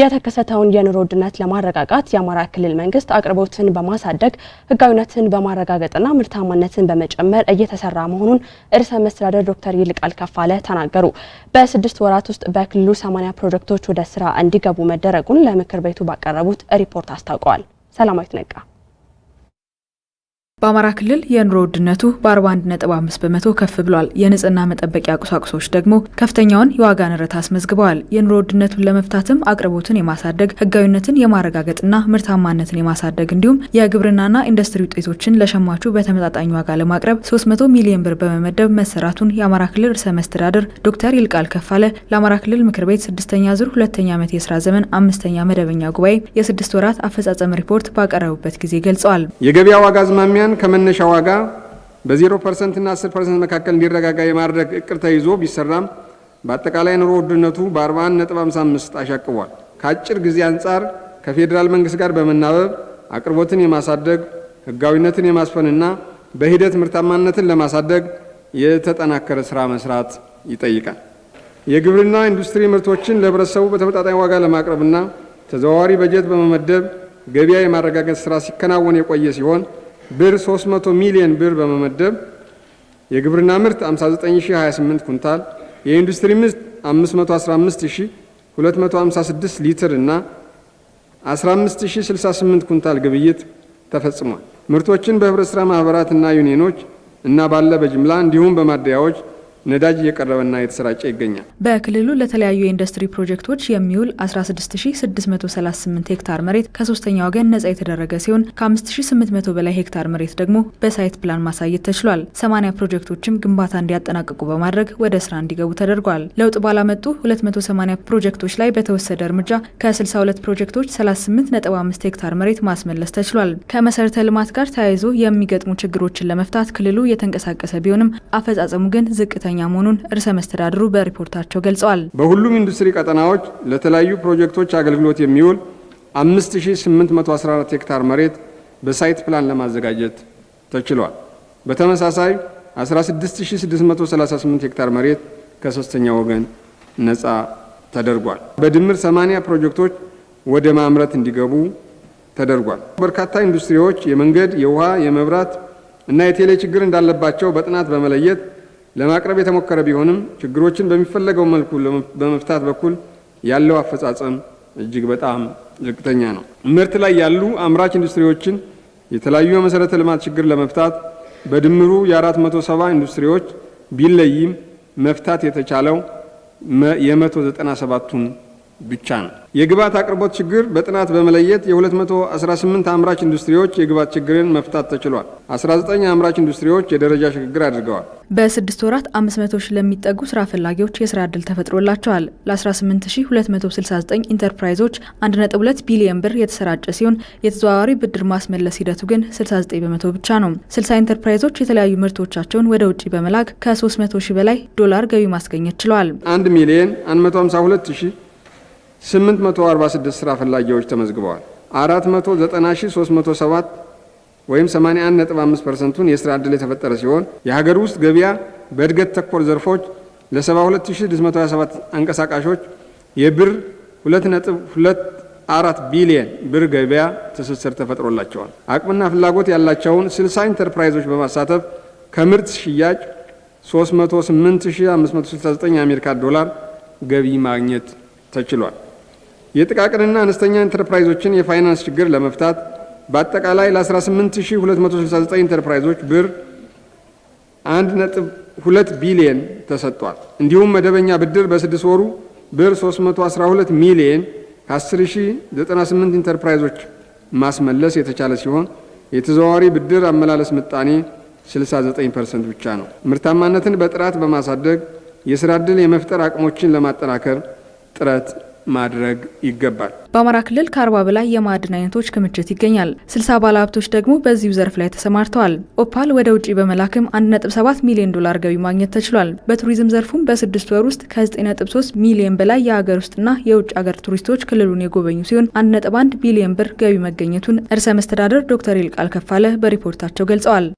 የተከሰተውን የኑሮ ውድነት ለማረጋጋት የአማራ ክልል መንግስት አቅርቦትን በማሳደግ ህጋዊነትን በማረጋገጥና ምርታማነትን በመጨመር እየተሰራ መሆኑን ርዕሰ መስተዳደር ዶክተር ይልቃል ከፋለ ተናገሩ። በስድስት ወራት ውስጥ በክልሉ 80 ፕሮጀክቶች ወደ ስራ እንዲገቡ መደረጉን ለምክር ቤቱ ባቀረቡት ሪፖርት አስታውቀዋል። ሰላማዊት ነቃ። በአማራ ክልል የኑሮ ውድነቱ በ41.5 በመቶ ከፍ ብሏል። የንጽህና መጠበቂያ ቁሳቁሶች ደግሞ ከፍተኛውን የዋጋ ንረት አስመዝግበዋል። የኑሮ ውድነቱን ለመፍታትም አቅርቦትን የማሳደግ ህጋዊነትን የማረጋገጥና ምርታማነትን የማሳደግ እንዲሁም የግብርናና ኢንዱስትሪ ውጤቶችን ለሸማቹ በተመጣጣኝ ዋጋ ለማቅረብ 300 ሚሊዮን ብር በመመደብ መሰራቱን የአማራ ክልል ርዕሰ መስተዳድር ዶክተር ይልቃል ከፋለ ለአማራ ክልል ምክር ቤት ስድስተኛ ዙር ሁለተኛ ዓመት የስራ ዘመን አምስተኛ መደበኛ ጉባኤ የስድስት ወራት አፈጻጸም ሪፖርት ባቀረቡበት ጊዜ ገልጸዋል። የገበያ ዋጋ አዝማሚያ መጠን ከመነሻ ዋጋ በ0 ፐርሰንት እና 10 ፐርሰንት መካከል እንዲረጋጋ የማድረግ እቅድ ተይዞ ቢሰራም በአጠቃላይ ኑሮ ውድነቱ በ 55 አሻቅቧል። ከአጭር ጊዜ አንጻር ከፌዴራል መንግስት ጋር በመናበብ አቅርቦትን የማሳደግ ህጋዊነትን የማስፈንና በሂደት ምርታማነትን ለማሳደግ የተጠናከረ ስራ መስራት ይጠይቃል። የግብርና ኢንዱስትሪ ምርቶችን ለህብረተሰቡ በተመጣጣኝ ዋጋ ለማቅረብና ተዘዋዋሪ በጀት በመመደብ ገበያ የማረጋገጥ ስራ ሲከናወን የቆየ ሲሆን ብር 300 ሚሊዮን ብር በመመደብ የግብርና ምርት 59028 ኩንታል፣ የኢንዱስትሪ ምርት 515256 ሊትር እና 15068 ኩንታል ግብይት ተፈጽሟል። ምርቶችን በህብረት ስራ እና ዩኒየኖች እና ባለ በጅምላ እንዲሁም በማደያዎች ነዳጅ እየቀረበና የተሰራጨ ይገኛል። በክልሉ ለተለያዩ የኢንዱስትሪ ፕሮጀክቶች የሚውል 16638 ሄክታር መሬት ከሶስተኛ ወገን ነጻ የተደረገ ሲሆን ከ5800 በላይ ሄክታር መሬት ደግሞ በሳይት ፕላን ማሳየት ተችሏል። 80 ፕሮጀክቶችም ግንባታ እንዲያጠናቅቁ በማድረግ ወደ ስራ እንዲገቡ ተደርጓል። ለውጥ ባላመጡ 280 ፕሮጀክቶች ላይ በተወሰደ እርምጃ ከ62 ፕሮጀክቶች 38.5 ሄክታር መሬት ማስመለስ ተችሏል። ከመሰረተ ልማት ጋር ተያይዞ የሚገጥሙ ችግሮችን ለመፍታት ክልሉ የተንቀሳቀሰ ቢሆንም አፈጻጸሙ ግን ዝቅተኛ ከፍተኛ መሆኑን ርዕሰ መስተዳድሩ በሪፖርታቸው ገልጸዋል። በሁሉም ኢንዱስትሪ ቀጠናዎች ለተለያዩ ፕሮጀክቶች አገልግሎት የሚውል 5814 ሄክታር መሬት በሳይት ፕላን ለማዘጋጀት ተችሏል። በተመሳሳይ 16638 ሄክታር መሬት ከሶስተኛ ወገን ነፃ ተደርጓል። በድምር 80 ፕሮጀክቶች ወደ ማምረት እንዲገቡ ተደርጓል። በርካታ ኢንዱስትሪዎች የመንገድ፣ የውሃ፣ የመብራት እና የቴሌ ችግር እንዳለባቸው በጥናት በመለየት ለማቅረብ የተሞከረ ቢሆንም ችግሮችን በሚፈለገው መልኩ በመፍታት በኩል ያለው አፈጻጸም እጅግ በጣም ዝቅተኛ ነው። ምርት ላይ ያሉ አምራች ኢንዱስትሪዎችን የተለያዩ የመሰረተ ልማት ችግር ለመፍታት በድምሩ የ470 ኢንዱስትሪዎች ቢለይም መፍታት የተቻለው የ197ቱን ብቻ ነው። የግብዓት አቅርቦት ችግር በጥናት በመለየት የ218 አምራች ኢንዱስትሪዎች የግብዓት ችግርን መፍታት ተችሏል። 19 አምራች ኢንዱስትሪዎች የደረጃ ሽግግር አድርገዋል። በስድስት ወራት 500 ሺህ ለሚጠጉ ስራ ፈላጊዎች የስራ ዕድል ተፈጥሮላቸዋል። ለ18269 ኢንተርፕራይዞች 1.2 ቢሊዮን ብር የተሰራጨ ሲሆን የተዘዋዋሪ ብድር ማስመለስ ሂደቱ ግን 69 በመቶ ብቻ ነው። 60 ኢንተርፕራይዞች የተለያዩ ምርቶቻቸውን ወደ ውጭ በመላክ ከ300 ሺህ በላይ ዶላር ገቢ ማስገኘት ችለዋል። 1 ሚሊዮን 152 846 ስራ ፈላጊዎች ተመዝግበዋል። 490307 ወይም 81.5 ፐርሰንቱን የስራ ዕድል የተፈጠረ ሲሆን የሀገር ውስጥ ገበያ በእድገት ተኮር ዘርፎች ለ72627 አንቀሳቃሾች የብር 2.24 ቢሊየን ብር ገበያ ትስስር ተፈጥሮላቸዋል። አቅምና ፍላጎት ያላቸውን 60 ኢንተርፕራይዞች በማሳተፍ ከምርት ሽያጭ 308569 የአሜሪካ ዶላር ገቢ ማግኘት ተችሏል። የጥቃቅንና አነስተኛ ኢንተርፕራይዞችን የፋይናንስ ችግር ለመፍታት በአጠቃላይ ለ18269 ኢንተርፕራይዞች ብር 1.2 ቢሊየን ተሰጥቷል። እንዲሁም መደበኛ ብድር በስድስት ወሩ ብር 312 ሚሊየን ከ10098 ኢንተርፕራይዞች ማስመለስ የተቻለ ሲሆን የተዘዋዋሪ ብድር አመላለስ ምጣኔ 69% ብቻ ነው። ምርታማነትን በጥራት በማሳደግ የስራ ዕድል የመፍጠር አቅሞችን ለማጠናከር ጥረት ማድረግ ይገባል። በአማራ ክልል ከአርባ በላይ የማዕድን አይነቶች ክምችት ይገኛል። ስልሳ ባለ ሀብቶች ደግሞ በዚሁ ዘርፍ ላይ ተሰማርተዋል። ኦፓል ወደ ውጭ በመላክም 1.7 ሚሊዮን ዶላር ገቢ ማግኘት ተችሏል። በቱሪዝም ዘርፉም በስድስት ወር ውስጥ ከ9.3 ሚሊዮን በላይ የሀገር ውስጥና የውጭ ሀገር ቱሪስቶች ክልሉን የጎበኙ ሲሆን 1.1 ቢሊዮን ብር ገቢ መገኘቱን እርሰ መስተዳደር ዶክተር ይልቃል ከፋለ በሪፖርታቸው ገልጸዋል።